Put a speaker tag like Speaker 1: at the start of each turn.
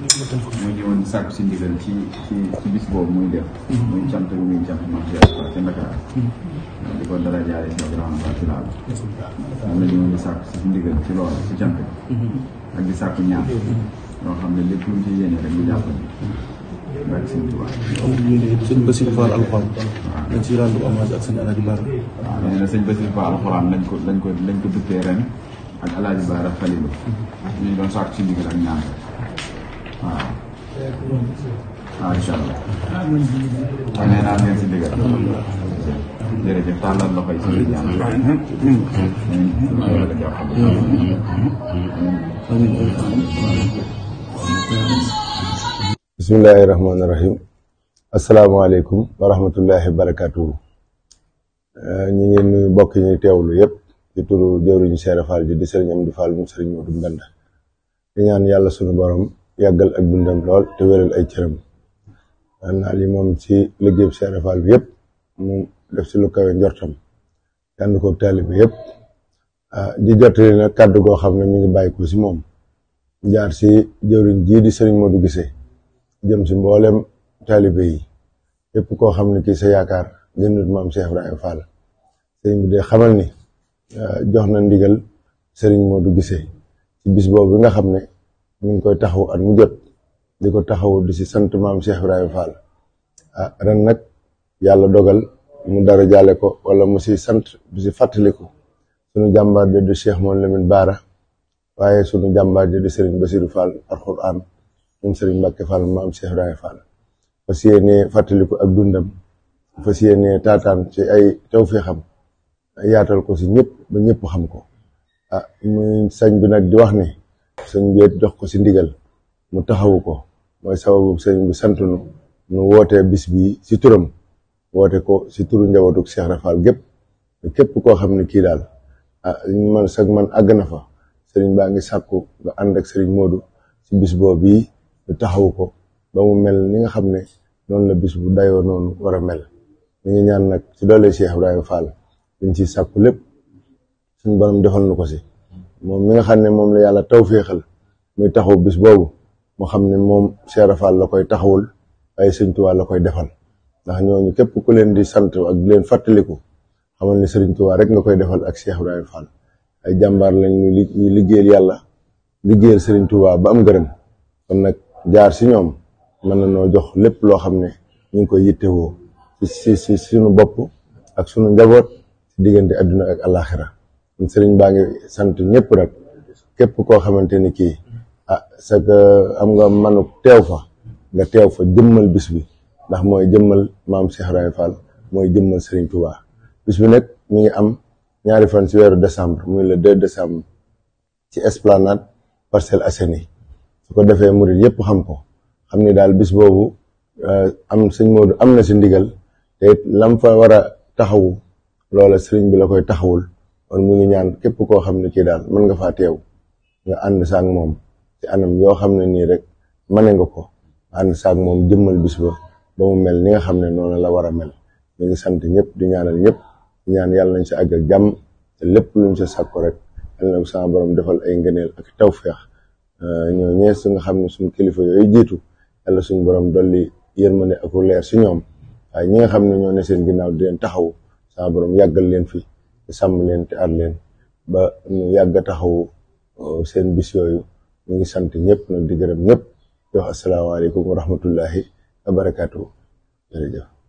Speaker 1: mu ñëwoon sàkku si ndigal ci ci ci bis boobu muy def muy cant bu muy cant ma ci yàlla ca Ndakaar di ko dara si grand bâtiment bi moom la ñëwoon di sàkku si ndigal ci loolu ci cant bi ak di sàkku lu ci yéene rek ñu jàpp bi ak seen tubaab am yéene sëñ Basir Fall alxuraan dañ si rendu hommage ak sëñ Alaaji Baara ñu waaw incha allah
Speaker 2: kon nee naa leen si ndigal
Speaker 1: jërëjëf tàllal loxo yi si biir ñaan
Speaker 2: bismillahi rahmaani rahim asalaamaaleykum wa rahmatullahi wa barakaatuhu euh, ñu ngi nuyu mbokk yëpp ci turu jëwriñu ñaan yàlla sunu borom yagal ak dundam lol te wëral ay cëram am li mom ci liggéeyub Seera Faal bi yëpp mu def ci lu kawé ndortam tànn ko taalibe yëpp ah, di jottali na kaddu go xam mi ngi bayiko ci mom jaar ci jëwriñ ji di sëriñ Modou Gise jëm ci mboolem talibé yi yépp ko xam ne sa yaakar gënut maam Cheikh Ibrahima Fall sëriñ bi de xamal ni ah, jox na ndigal sëriñ Modou Gise ci bis bobu nga xam ñu ngi koy taxaw at mu jot di ko taxaw du si sant maam Cheikh Ibrahima Fall ah ren nag yàlla dogal mu dara jaale ko wala mu si sant du si fàttaliku sunu jàmbaar di du Cheikh moom Lamine Baara waaye sunu jàmbaar di du Serigne Bassirou Fall alxuraan moom Serigne Mbacke Fall maam Cheikh Ibrahima Fall fas yéene fàttaliku ak dundam fas yéene taataan ci ay tawféexam yaatal ko si ñëpp ba ñëpp xam ko ah muy sañ bi nag di wax ni. sëriñ bi jox ko ci ndigal mu taxawu ko mooy sababu sëriñ bi sant nu nu wootee bis bi ci turum woote ko ci turu njabootu Cheikh Rafal gep kep ko xamni ki dal ah, man sag man agna fa sëriñ ba nga sakku nga and ak sëriñ Modou ci bis boobu yi ñu ko ba mu mel ni nga xamne non la bis bu dayo non wara mel ñu ñaan nak ci dole Cheikh ibrahim Fall dañ ciy sàkku suñu borom defal nuko ci moom mi nga xam ne moom la yàlla tawféexal muy taxaw bis boobu mu xam ne moom Cheikh Fall la koy taxawul waaye Sëriñ Tuubaa la koy defal ndax ñooñu képp ku leen di sant ak di leen fàttaliku xamal ne Sëriñ Tuubaa rek nga koy defal ak Cheikh Ibrahima Fall ay jàmbaar lañ ñu liggéeyal yàlla liggéeyal Sëriñ tubaab ba am gërëm kon nag jaar si ñoom man na noo jox lépp loo xam ne ñu ngi koy yittewoo si si si bopp ak sunu njaboot si diggante àdduna ak àllaaxira serigne bangi ngi sant ñëpp rek kep ko xamanteni ki ah sa que am nga manuk tew fa nga tew fa jëmmal bis bi ndax moy jëmmal maam Cheikh Ibrahima Fall moy jëmmal serigne Touba bis bi nag mi ngi am ñaari fan ci wéru décembre muy le 2 décembre ci esplanade parcel Assainies su ko defee murid yépp xam ko xam ni daal bis bobu eh, am serigne Modou am na si ndigal té lam fa wara taxawu loola serigne bi la koy taxawul kon mu ngi ñaan képp koo xam ne kii daal mën nga faa teew nga ànd saak moom ci anam yoo xam ne nii rek mane nga ko ànd saak moom jëmmal bis ba ba mu mel ni nga xam ne noonu la war a mel ñu ngi sant ñëpp di ñaanal ñëpp di ñaan yàlla nañ ci àgg ak jàmm te lépp luñ sa sàkko rek yàlla borom defal ay ngëneel ak tawféex ñoo ñee su nga xam ne suñu kilifa yooyu jiitu yàlla suñu borom dolli yërmande ak leer si ñoom waaye ñi nga xam ne ñoo ne seen ginnaaw di leen taxaw sama borom yàggal leen fi te sàmm leen te ba ñu yàgg a uh, seen bis yooyu ñu ngi sant ñëpp nag di gërëm ñëpp di wax asalaamaaleykum wa rahmatullahi wa